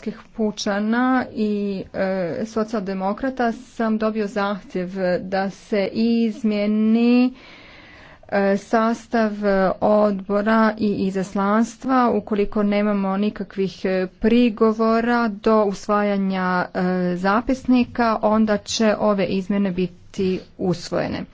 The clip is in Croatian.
Hrvatskih pučana i e, socijaldemokrata sam dobio zahtjev da se izmjeni e, sastav odbora i izaslanstva ukoliko nemamo nikakvih e, prigovora do usvajanja zapisnika onda će ove izmjene biti usvojene